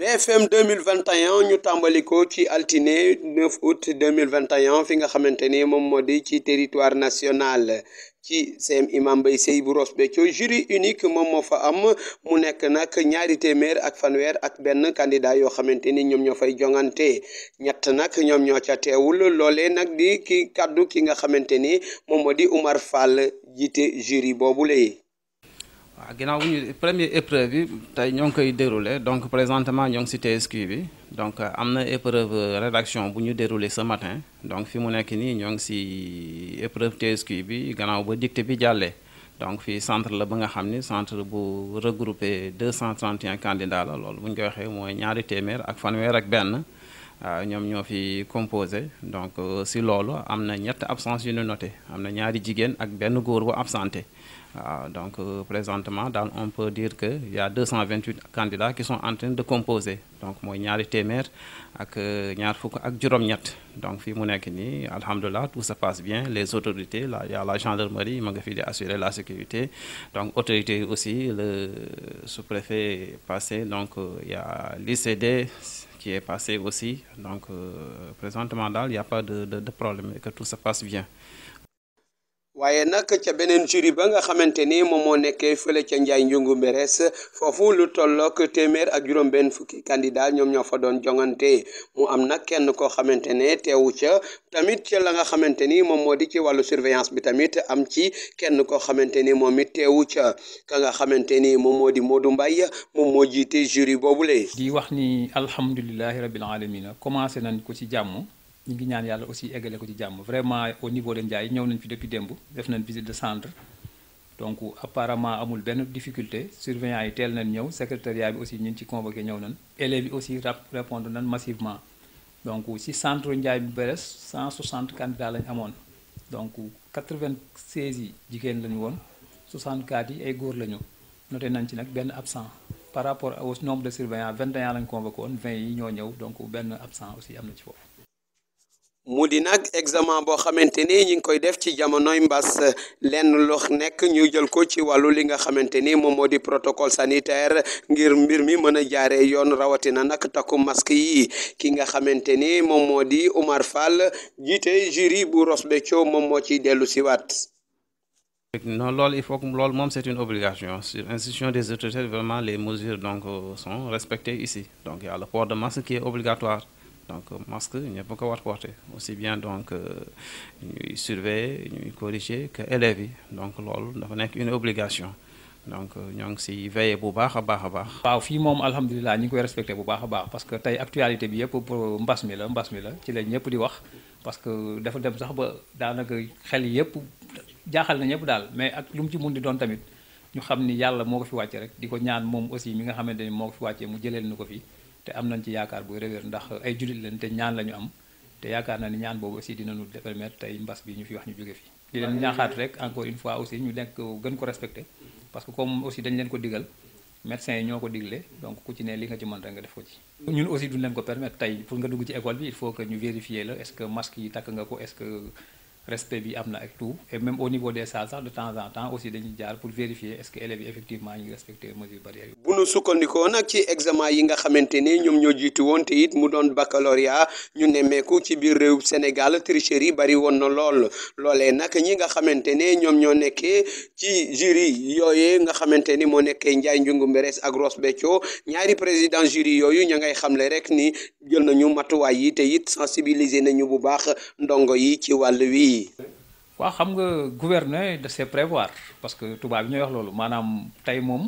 BFM 2021 ñu tàmbali ko ci altiné 9 août 2021 fi nga xamanteni mom modi ci territoire national ci seen imam Mbaye Sèye bu Ross jury unique mom moo fa am mu nek nak ñaari témèr ak fanwer ak benn candidat yo xamanteni ñom ñoom ñoo fay jongante ñett nag ñoom ñoo ca teewul lolé nak di ki kaddu ki nga xamanteni mom modi Omar Fall jité jury boobule waaw ñu première épreuve bi tey ñoo ngi koy déroulé donc présentement ñoo ngi si TSQ bi donc am na épreuve euh, rédaction bu ñu déroulé ce matin donc fi mu nekk nii ñoo ngi si épreuve TSQ bi ganaaw ba dictée bi jàllee donc fii centre la ba nga xam ni centre bu regroupé 231 candidats la loolu buñ ñu ko waxee mooy ñaari téeméer ak fanweer ak benn ñoom ñoo fi composé donc si euh, loolu am na ñett absence yu ñu noté am na ñaari jigéen ak benn góor bu absenté ah, donc euh, présentement, on peut dire qu'il y a 228 candidats qui sont en train de composer. Donc moi, ñaari téeméer ak euh, ñaar fukk donc Fimounakini, mu tout se passe bien les autorités il y a la gendarmerie ma assurer la sécurité donc autorités aussi le sous-préfet passé donc euh, il y a l'ICD qui est passé aussi donc présentement il n'y a pas de, problème que tout se passe bien. waaye nag ca beneen jury ba nga xamante ni moom moo nekkee fële ca Ndiaye Ndiungu Mberes foofu lu tollook téeméer ak juróom-benn fukki candidat ñoom ñoo fa doon jongante mu am nag kenn koo xamante ne teewu ca tamit ca la nga xamante ni moom moo di ci wàllu surveillance bi tamit am ci kenn koo xamante ni moom it ca ka nga xamante ni moom moo di Modou Mbaye moom moo jiite jury boobule. di wax ni alhamdulilahi rabbil alamin commencé nañ ko ci jàmm. ñu ngi ñaan yàlla aussi égalé ko ci jàmm vraiment au niveau de Ndiaye ñëw nañ fi depuis démb def nañ visite de centre donc apparemment amul benn difficulté surveillant yi teel nañ ñëw secrétariat bi aussi ñu ci convoqué ñëw nañ élèves yi aussi répondre nañ massivement donc si centre Ndiaye bu Beres 160 candidats lañ amoon donc 96 yi jigéen lañu woon 64 yi ay góor lañu noté nañ ci nag benn absent par rapport au nombre de surveillants 21 lañ convoqué woon 20 yi ñoo ñëw donc benn absent aussi am na ci foofu mu di nag examen boo xamante ni ñi ngi koy def ci jamonoy mbas lenn lox nekk ñu jël ko ci wàllu li nga xamante ni moom moo di protocole sanitaire ngir mbir mi mën a jaaree yoon rawatina nag takku masque yi ki nga xamante ni moom moo di Oumar Fall jiite jury bu Ross Béthio moom moo ciy dellu siwaat non loolu il faut que loolu moom c'est une obligation sur institution des autorités vraiment les mesures donc sont respectées ici donc il y a le port de masque qui est obligatoire donc euh, masque il ñëpp ko war porter aussi bien donc euh, ñuy surveiller corriger que élèves donc lolo dafa nekk une obligation donc euh, ñong ngi si veillé bu baax a baax a baax. waaw fii moom alhamdulilah ñu koy respecté bu baax a baax parce que tey actualité bi yëpp pour mbas mi la mbas mi la ci la ñëpp di wax parce que dafa dem sax ba daanaka xel yëpp jaaxal na ñëpp daal mais ak lu mu ci mun di doon tamit ñu xam ni yàlla moo ko fi wàcce rek di ko ñaan moom aussi mi nga xamante ni moo ko fi wàccee mu jëleel nu ko fi. te am nañ ci yaakaar bu réwér ndax ay jullit lañ te ñaan la ñu am te yaakaar na ni ñaan boobu aussi dinañu permettre tey mbas bi ñu fi wax ñu jóge fi di leen ñaaxaat rek encore une fois aussi ñu nekk gën ko respecté parce que comme aussi dañ leen ko digal médecins yi ñoo ko digle donc ku ci ne li nga ci mën rek nga def ko ci ñun aussi duñ leen ko permettre tey pour nga dugg ci école bi il faut que ñu vérifier la est-ce yi takk nga ko est respect bi amna ak tout et même au niveau des salles sax de temps en temps aussi dañuy jaar pour vérifier est-ce que élèves yi effectivement ñu ngi respecté mesures barrières yi. bu nu sukkandikoo nak ci examen yi nga xamantene ñom ñoo jiitu won te it mu doon baccalauréat ñu némé ko ci biir réew Sénégal tricherie bari woon na lool loolee nag ñi nga xamantene ñom ñoo nekké ci jury yoyé nga xamantene mo nekké nekkee Ndiaye Ndioungu ak Ross Béthio ñaari président jury yooyu ña ngay xamlé rek ni jël nañu matuwa yi te it sensibiliser nañu bu baax ndongo yi ci walu wi. yi. waaw xam nga gouverner de se prévoir parce que tubaab yi ñooy wax loolu maanaam tey moom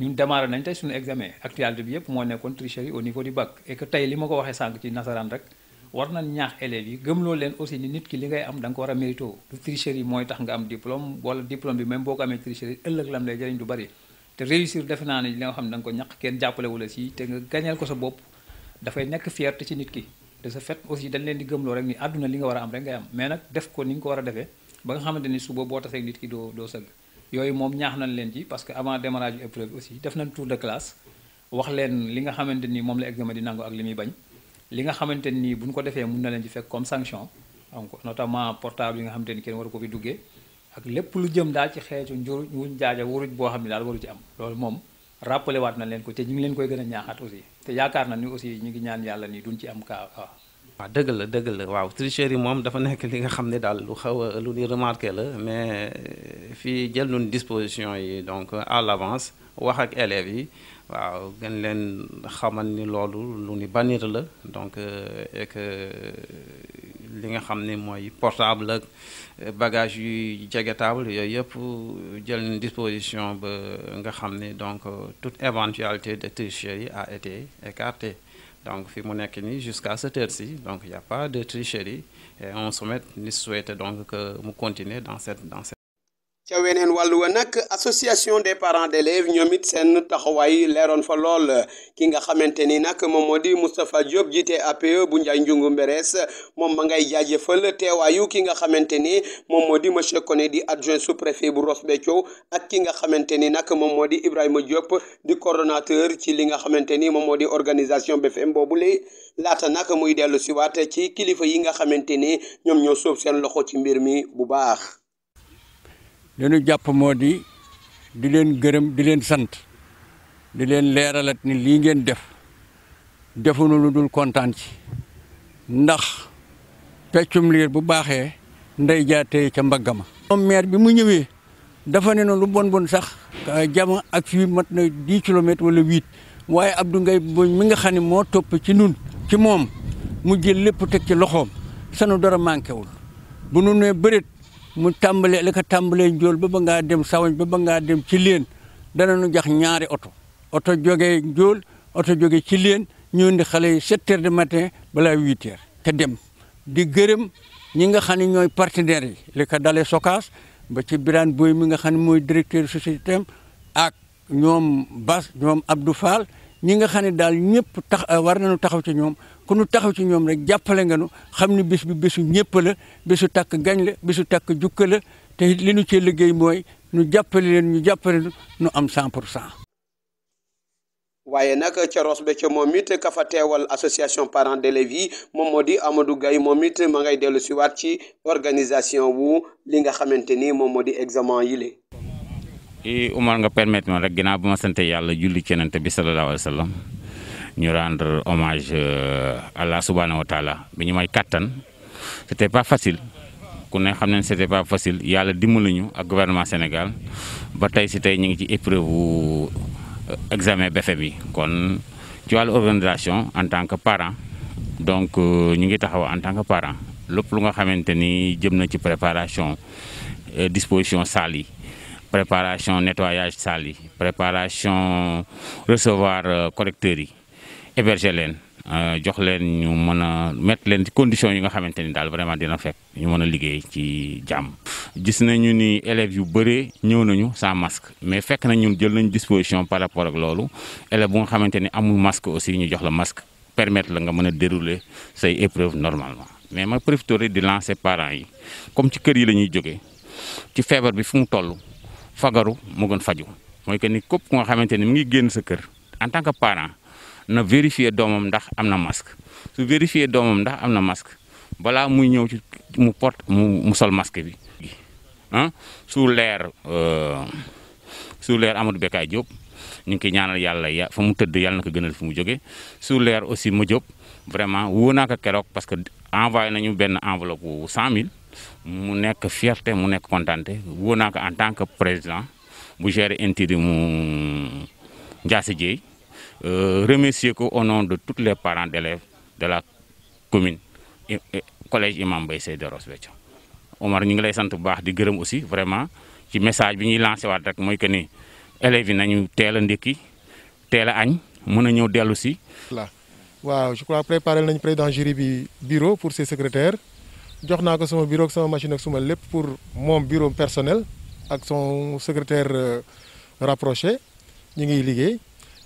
ñun démarré nañ tey suñu examen actualité bi yëpp moo nekkoon tricherie au niveau du bac et que li ma ko waxee sànq ci nasaraan rek war nañ ñaax élèves yi gëmloo leen aussi ni nit ki li ngay am da nga ko war a mérito du tricherie mooy tax nga am diplôme wala diplôme bi même boo ko amee tricherie ëllëg lam lay jëriñ du bari te réussir defe naa ne li nga xam ne da nga ko ñàkk kenn jàppale la si te nga gañeel ko sa bopp dafay ci nit ki te ce fait aussi dañ leen di gëmloo rek ni àdduna li nga war a am rek ngay am mais nag def ko ni nga ko war a defee ba nga xamante ni suba boo tasee nit ki doo doo yooyu moom ñaax nañ leen ci parce que avant démarrage yu épreuve aussi def nañ tour de classe wax leen li nga xamante ni moom la examen di nangu ak li muy bañ li nga xamante nii bu ñu ko defee mun na leen ci fekk comme sanction donc notamment portable yi nga xamante ni kenn waru ko fi duggee ak lépp lu jëm daal ci xeetu njur wuñ jaaja waruñ boo xam ne daal waru ci am loolu moom rappelé na leen ko te ñu ngi leen koy gën a ñaaxaat aussi te yaakaar na ni aussi ñu ngi ñaan yàlla ni duñ ci am kaa waaw. waaw dëgg la dëgg la waaw tricherie moom dafa nekk li nga xam ne daal lu xaw a lu ñu remarqué la mais fii jël nun disposition yi donc à l'avance wax ak élèves yi waaw gën leen xamal ni loolu lu ni bannir la donc euh, et li nga xam ne mooy portable ak euh, bagage yu jege euh, disposition ba nga xam donc euh, toute éventualité de tricherie a été écartée donc fi mu jusqu'à cette heure-ci donc il y a pas de tricherie et on met ni souhaite donc que mu continuer dans cette dans cette wàllu nak association des parents d'élèves ñomit sen taxaway leron fa lol ki nga xamanteni nak mom modi Diop jité APE bu Ndiaye njungu Mberees mom ma ngay jaajëfal teewaayu ki nga monsieur Koné di adjoint sous préfet bu Ross Béthio ak ki nga xamanteni nak mom modi Diop di coordonnateur ci li nga xamanteni organisation BFM bobu léegi lata nak muy ci siwaat ci kilifa yi nga xamanteni ñom ñoo loxo ci mbir mi bu baax li jàpp moo di di leen gërëm di leen sant di leen leeralat ni lii ngeen def defuñu lu dul kontaan ci ndax peccum liir bu baaxee ndey jaatee ca mbaggama moom maire bi mu ñëwee dafa ne na lu bon bon sax euh, jama ak fii mat na dix kilomètres wala huit waaye Abdou Ngay Mbooj mi nga xam ne moo topp ci nun ci moom mu jël lépp teg ci loxoom sanu dara manqué wul bu nu nee bëreet mu tàmbalee li ko tàmbalee njool ba ba ngaa dem sawañ ba ba ngaa dem ci leen dana nu jax ñaari oto oto jógee njool oto jógee ci leen ñu indi xale yi sept heures du matin balaa huit heures te dem di gërëm ñi nga xam ne ñooy partenaires yi li ko dalee Sokaas ba ci Birane Boy mi nga xam ne mooy directeur société am ak ñoom Bas ñoom Abdou Fall ñi nga xam ne daal ñëpp tax euh, war nañu taxaw ci ñoom ku nu taxaw ci ñoom rek jàppale nga nu xam ne bés bi bisu ñëpp la bésu takk gañ la bésu takk jukka la te li nu cee liggéey mooy nu jàppale leen ñu jàppale nu am 100 pour cent. waaye nag ca Ross Béthio moom it ka teewal association parents d'élèves yi moom moo di Amadou Gaye moom it ma ngay dellu siwaat ci organisation wu li nga xamante ni moom moo di examen yi i eh, Umar nga permettre ma rek ginaa bu ma sante yàlla julli ci bi sallallahu alayhi wa sallam ñu rendre hommage euh, Allah subhanahu wa taala bi ñu may kàttan c'était pas facile ku ne xam ne c'était pas facile yàlla dimbali ñu ak gouvernement Sénégal ba tey si tey ñu ngi ci épreuve bu euh, examen BFEM bi kon ci wàll organisation en tant que parent donc euh, ñu ngi taxaw en tant que parent lépp lu nga xamante ni jëm na ci préparation disposition salle préparation nettoyage salle préparation recevoir euh, correcteurs yi héberger leen euh, jox leen ñu mën mettre ci conditions yi nga xamante ni vraiment dina fekk ñu mën a liggéey ci jàmm. gis nañu ni élèves yu bëree ñëw nañu sans masque mais fekk na ñun jël nañu disposition par rapport ak loolu élève bu nga xamante ni masque aussi ñu jox la masque permettre la nga mën dérouler say épreuves normalement mais ma profité de lancer parents yi comme ci kër yi la ñuy fait ci feebar bi fu fagaru moo gën faju mooy que ni képp ku nga xamante ni ngi génn sa kër en tant que parent na vérifier domam ndax amna na masque su vérifier doomam ndax am na masque balaa muy ñëw ci mu porte mu mu sol masque bi ah su leer euh, su leer Amadou Bekay Diop ñu ngi ñaanal yàlla ya fa mu tëdd yàlla na ko gënal fi mu jóge su leer aussi ma Diop vraiment woo naa ko parce que envoyé nañu benn enveloppe 100000. mu nekk fierté mu nekk kontante woo naa ko en tant que président bu gérer intérim mu Ndiassé Dieye euh, remercier ko au nom de tous les parents d'élèves de la commune collège Imam Mbaye Sèye de Ross Béthio Omar ñu ngi lay sant bu baax di gërëm aussi vraiment ci message bi ñuy lancé waat rek mooy que ni élèves nañu teel a ndékki teel a añ mën a ñëw dellusi waaw je crois préparé nañu président jury bureau pour ses secrétaires. jox naa ko sama bureau ak sama machine ak pour moom bureau personnel avec son secrétaire euh, rapproché ñu ngi liggéey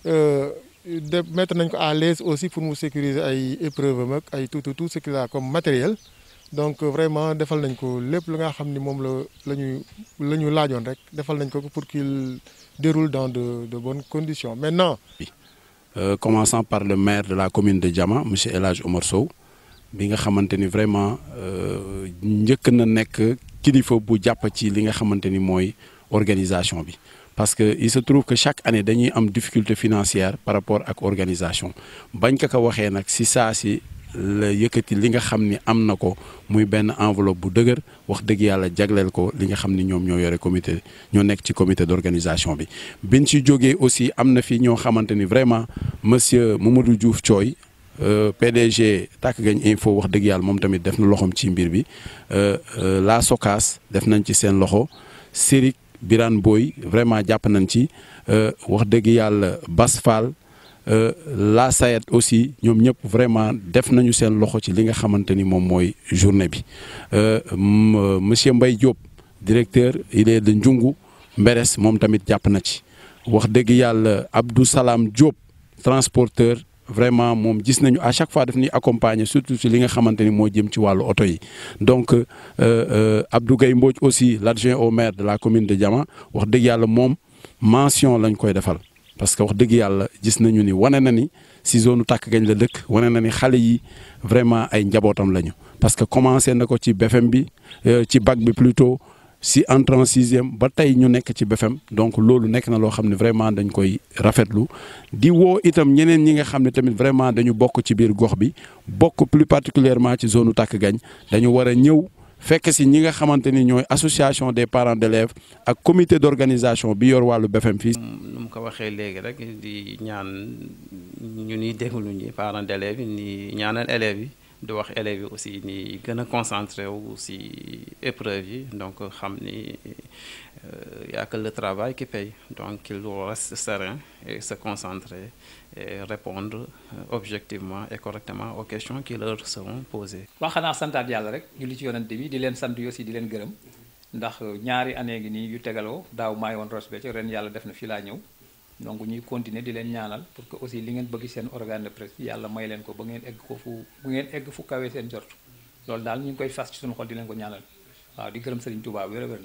euh, de mettre ko à l'aise aussi pour sécuriser ay épreuves am tout tout ce qui a comme matériel donc euh, vraiment defal nañ ko lépp lu nga xam ni la pour qu'il déroule dans de bonnes conditions maintenant. commençons par le maire de la commune de Diama monsieur Elage bi nga xamante ni vraiment euh, njëkk na nekk kilifa bu jàpp ci li nga xamante ni mooy organisation bi parce que il se trouve que chaque année dañuy am difficulté financière par rapport ak organisation bañ ka ko waxee nag si saa si la yëkkati li nga xam ni am na ko muy benn enveloppe bu dëgër wax dëgg yàlla jagleel ko li nga xam ni ñoom ñoo yore comité ñoo nekk ci comité d'organisation bi. biñ ci jógee aussi am na fi ñoo xamante ni vraiment monsieur Mamadou Diouf Thioy euh, PDG tak gagne info wax deug yalla mom tamit def na loxom ci mbir bi euh, euh, la socas def nañ ci sen loxo serik biran Boy vraiment japp nañ ci wax deug yalla basfal la Sayet aussi ñom ñep vraiment def nañu sen loxo ci li nga xamanteni mom moy journée bi monsieur mbay Diop directeur il est de Njungu Mberes mom tamit japp na ci wax deug yalla Abdou Salam Diop transporteur vraiment à chaque fois daf ni accompagner surtout si li nga xamanteni mo jëm ci donc euh, euh, Abdou Gaye aussi l'adjoint au maire de la commune de Diama wax deug mentionné mom mention lañ koy parce que wax deug yalla gis nañu ni si zone tak gañ la dëkk na yi vraiment ay njabotam lañu parce que commencé nako ci BFM bi euh, ci bac plutôt si entré en sixième ba tey ñu nekk ci bfm donc loolu nekk na loo xam ne vraiment dañ koy rafetlu di woo itam ñeneen ñi nga xam ne tamit vraiment dañu bokk ci biir gox bi bokk plus particulièrement ci zone tàkk gañ dañu war a ñëw fekk si ñi nga xamante ni ñooy association des parents d'élèves ak comité d'organisation bi yor wàllu bfm fii. nu mu ko waxee léegi rek di ñaan ñu ni déglu ñi parents d'élèves ni ñaanal élèves yi di wax élèves aussi ni gëna concentré wu si épreuve yi donc xam ni euh, y a que le travail qui paye donc il doit rester serein et se concentrer et répondre euh, objectivement et correctement aux questions qui leur seront posées. waaw xanaa santaat yàlla rek li ci yonante bi di len sant yoo si di len gërem ndax ñaari année gi nii yu tegaloo daw may won Ross ci ren yalla def na fi la ñëw. donc ñuy continuer di leen ñaanal pour que aussi li ngeen bëgg seen organe de presse yàlla may leen ko ba ngeen egg ko fu bu ngeen egg fu kawee seen jort loolu daal ñu ngi koy fas ci suñu xol di leen ko ñaanal waaw di gërëm Serigne Touba wér a wér na